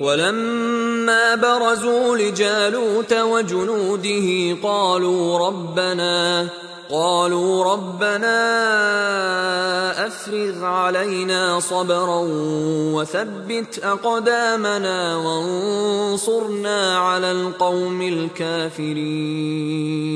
ولما برزوا لجالوت وجنوده قالوا ربنا قالوا ربنا افرغ علينا صبرا وثبت اقدامنا وانصرنا على القوم الكافرين